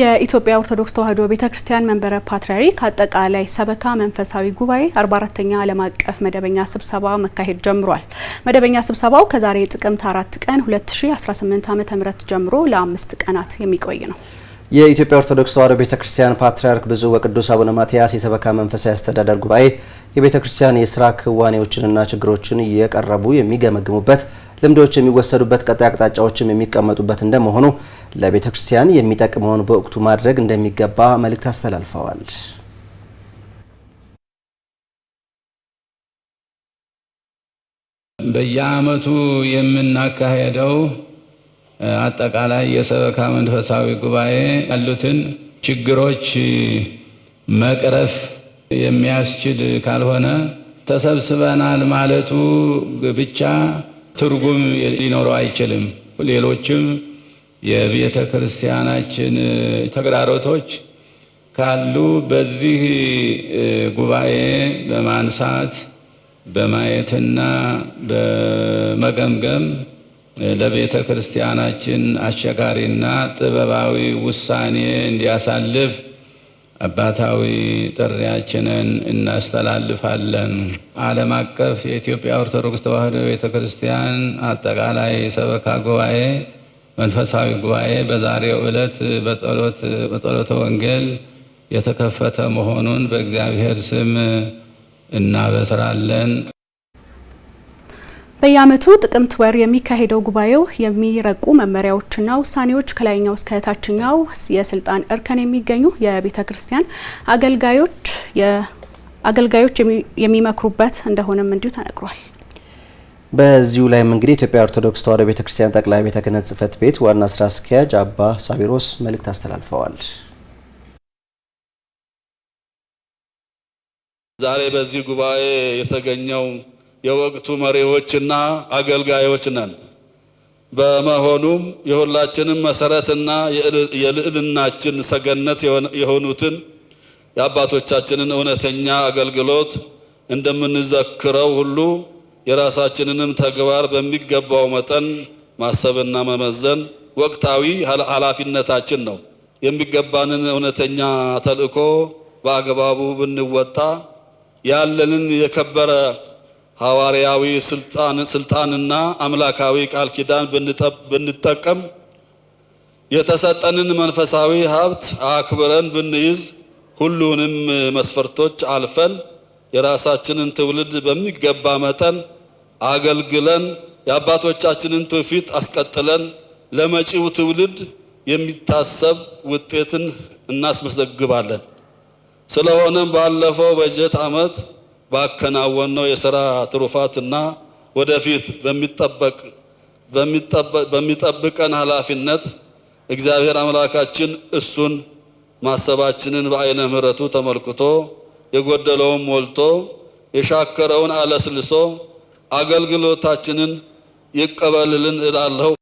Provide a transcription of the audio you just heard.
የኢትዮጵያ ኦርቶዶክስ ተዋሕዶ ቤተ ክርስቲያን መንበረ ፓትርያርክ አጠቃላይ ሰበካ መንፈሳዊ ጉባኤ 44ኛ ዓለም አቀፍ መደበኛ ስብሰባ መካሄድ ጀምሯል። መደበኛ ስብሰባው ከዛሬ ጥቅምት 4 ቀን 2018 ዓ.ም ጀምሮ ለአምስት ቀናት የሚቆይ ነው። የኢትዮጵያ ኦርቶዶክስ ተዋሕዶ ቤተ ክርስቲያን ፓትርያርክ ብፁዕ ወቅዱስ አቡነ ማትያስ የሰበካ መንፈሳዊ አስተዳደር ጉባኤ የቤተ ክርስቲያን የስራ ክዋኔዎችንና ችግሮችን እየቀረቡ የሚገመግሙበት፣ ልምዶች የሚወሰዱበት፣ ቀጣይ አቅጣጫዎችም የሚቀመጡበት እንደመሆኑ ለቤተ ክርስቲያን የሚጠቅመውን በወቅቱ ማድረግ እንደሚገባ መልእክት አስተላልፈዋል። በየዓመቱ የምናካሄደው አጠቃላይ የሰበካ መንፈሳዊ ጉባኤ ያሉትን ችግሮች መቅረፍ የሚያስችል ካልሆነ ተሰብስበናል ማለቱ ብቻ ትርጉም ሊኖረው አይችልም። ሌሎችም የቤተ ክርስቲያናችን ተግዳሮቶች ካሉ በዚህ ጉባኤ በማንሳት በማየትና በመገምገም ለቤተ ክርስቲያናችን አሸጋሪና ጥበባዊ ውሳኔ እንዲያሳልፍ አባታዊ ጥሪያችንን እናስተላልፋለን። ዓለም አቀፍ የኢትዮጵያ ኦርቶዶክስ ተዋሕዶ ቤተ ክርስቲያን አጠቃላይ ሰበካ ጉባኤ መንፈሳዊ ጉባኤ በዛሬው ዕለት በጸሎተ ወንጌል የተከፈተ መሆኑን በእግዚአብሔር ስም እናበስራለን። በየዓመቱ ጥቅምት ወር የሚካሄደው ጉባኤው የሚረቁ መመሪያዎችና ውሳኔዎች ከላይኛው እስከ ታችኛው የስልጣን እርከን የሚገኙ የቤተ ክርስቲያን አገልጋዮች አገልጋዮች የሚመክሩበት እንደሆነም እንዲሁ ተነግሯል። በዚሁ ላይም እንግዲህ ኢትዮጵያ ኦርቶዶክስ ተዋሕዶ ቤተ ክርስቲያን ጠቅላይ ቤተ ክህነት ጽሕፈት ቤት ዋና ስራ አስኪያጅ አባ ሳቢሮስ መልእክት አስተላልፈዋል። ዛሬ በዚህ ጉባኤ የተገኘው የወቅቱ መሪዎችና አገልጋዮች ነን። በመሆኑም የሁላችንም መሰረትና የልዕልናችን ሰገነት የሆኑትን የአባቶቻችንን እውነተኛ አገልግሎት እንደምንዘክረው ሁሉ የራሳችንንም ተግባር በሚገባው መጠን ማሰብና መመዘን ወቅታዊ ኃላፊነታችን ነው። የሚገባንን እውነተኛ ተልዕኮ በአግባቡ ብንወጣ ያለንን የከበረ ሐዋርያዊ ስልጣንና አምላካዊ ቃል ኪዳን ብንጠቀም የተሰጠንን መንፈሳዊ ሀብት አክብረን ብንይዝ ሁሉንም መስፈርቶች አልፈን የራሳችንን ትውልድ በሚገባ መጠን አገልግለን የአባቶቻችንን ትውፊት አስቀጥለን ለመጪው ትውልድ የሚታሰብ ውጤትን እናስመዘግባለን። ስለሆነም ባለፈው በጀት ዓመት ባከናወነው የሥራ ትሩፋትና ወደፊት በሚጠብቀን ኃላፊነት እግዚአብሔር አምላካችን እሱን ማሰባችንን በአይነ ምሕረቱ ተመልክቶ የጎደለውን ሞልቶ የሻከረውን አለስልሶ አገልግሎታችንን ይቀበልልን እላለሁ።